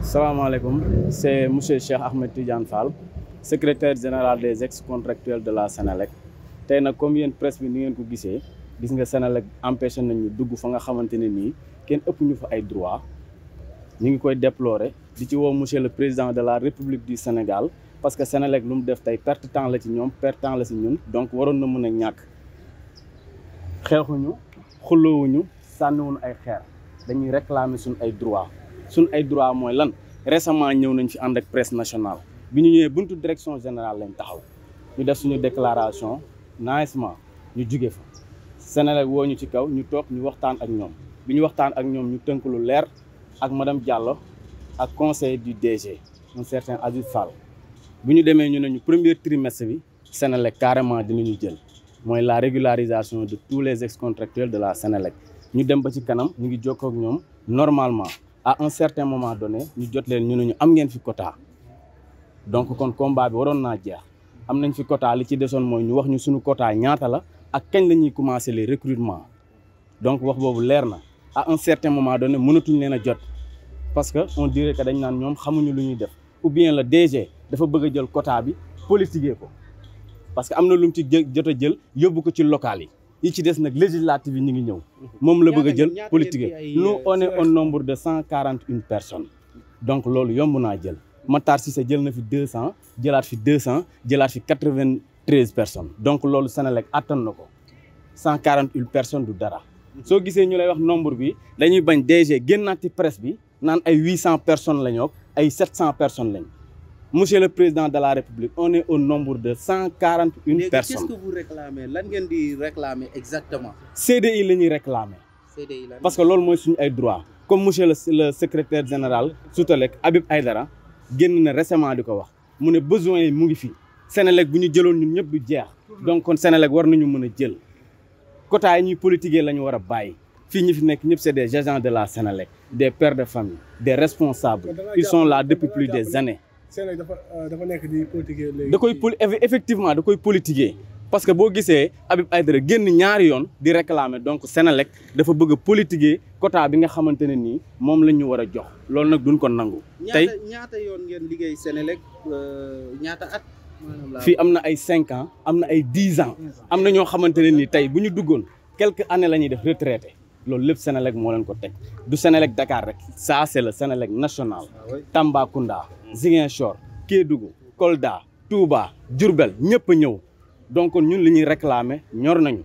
salaamaaleykum c'est monsieur Cheikh Ahmed Tidiane Fall secrétaire général des ex-contractuels de la Sénélec tey nag comme yéen presse bi ni ngeen ko gisee gis nga Sénélec empêché nañu dugg fa nga xamante ne nii kenn ëpp ñu fa ay droit ñu ngi koy déplore di ci woo monsieur le président de la République du Sénégal parce que Sénélec lu mu def tey perte temps la ci ñoom perte temps la ci ñun donc waroon na mun a ñàkk xeexuñu xulloowuñu sànniwuñu ay xeer dañuy réclamer suñu ay droit suñ ay droit mooy lan récemment ñëw nañ fi ànd ak presse national bi ñu ñëwee buntu direction générale lañ taxaw ñu def suñu déclaration naajement ñu juge fa Senelec woo ñu ci kaw ñu toog ñu waxtaan ak ñoom bi ñu waxtaan ak ñoom ñu tënk lu leer ak madame Diallo ak conseil du DG un certain Aziz Fall bu ñu demee ñu ne ñu premier trimestre bi Senelec carrément dinañu jël mooy la régularisation de tous les ex-contractuels de la Senelec ñu dem ba ci kanam ñu ngi jokkoo ak ñoom normalement à un certain moment donné ñu jot leen ñu ne ñu am ngeen fi quota donc kon combat bi waroon naa jeex am nañ fi quota li ci desoon mooy ñu wax ñu suñu quota ñaata la ak kañ la ñuy commencer les recrutements donc wax boobu leer na à un certain moment donné mënatuñ leen a jot parce que on dirait que dañ naan ñoom xamuñu lu ñuy def ou bien le DG dafa bëgg a jël quota bi politiquer ko parce que am na lu mu ci jot a jël yóbbu ko ci local yi. yi ci des nag législative yi ñu ngi ñëw moom la bëgg a jël politique nous on est nombre de cent quarante une personnes donc loolu yomb naa jël Matar sa jël na fi deux cent jëlaat fi deux cent jëlaat fi quatre vingt treize personnes donc loolu Senelec attan na ko cent quarante une personnes du dara soo gisee ñu lay wax nombre bi dañuy bañ DG génnaati presse bi naan ay huit cent personnes la ñoog ay sept cent personnes lañ monsieur le président de la république on est au nombre de cent quarante une personnes. qu'est-ce que vous réclamez lan ngeen di réclamer exactement. CDI la ñuy réclamer. CDI la parce que loolu mooy suñu ay droit comme monsieur le le secrétaire général Soutalek Habib Aydara génn na récemment di ko wax mu ne besoin yi mu ngi fi Sénélec bu ñu jëloon ñun ñëpp du jeex donc kon Sénélec war nañu mën a jël quota yi ñuy politiquer la ñu war a bàyyi. fii ñu fi nekk ñëpp c'est des agents de la Sénélec de pères de famille des responsables ils sont là depuis plus des années. Sénégal dafa euh, dafa nekk di politiquer da koy poli effectivement da koy politiquer parce que boo gisee Habib Aïdara génn ñaari yoon di réclamer donc Sénélec dafa bëgg a politiquer bi nga xamante ne nii moom la ñu war a jox loolu nag duñ ko nangu. tey ñaata yoon ngeen liggéey Sénélec euh, ñaata at. fii am na ay cinq ans am na ay dix ans am na ñoo xamante ne nii tey bu ñu duggoon quelques anne la ñuy def retraité. loolu lépp Sénélec moo leen ko teg du Sénélec Dakar rek ça c'est le Sénélec national ah Tambacounda Ziguinchor Kédougou Kolda Touba jurbel ñëpp ñëw donc ñun li ñuy réclamer ñor nañu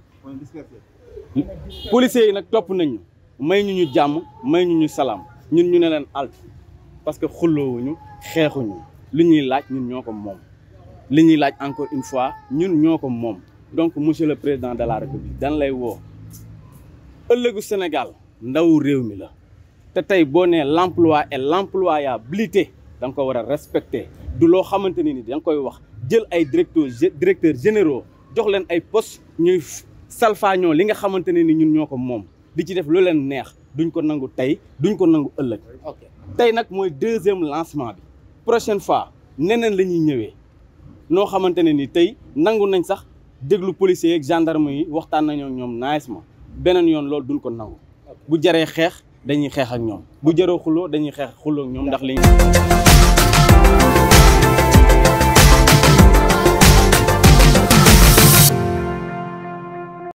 policiers yi nag topp nañu may ñu ñu jàmm may ñu ñu salaam ñun ñu ne leen alt parce que xulloowuñu xeexuñu li ñuy laaj ñun ñoo ko moom li ñuy laaj encore une fois ñun ñoo ko moom donc monsieur le président de la république dan lay woo ëllëgu Sénégal ndawu réew mi la te tey boo nee l'emploi et l'employabilité da danga ko war a respecter du loo xamante ni ni da nga koy wax jël ay directeur directeurs généraux jox leen ay postes ñuy salfaañoo li nga xamante ne ni ñun ñoo ko moom di ci def lu leen neex duñ ko nangu tey duñ ko nangu ëllëg tey nag mooy deuxième lancement bi prochaine fois neneen la ñuy ñëwee noo xamante ne ni tey nangu nañ sax déglu policiers yeeg gendarme yi waxtaan nañoo ñoom naaj beneen yoon loolu duñ ko naw bu jaree xeex dañuy xeex ak ñoom bu jaree xuloo dañuy xeex xulook ñoom ndax li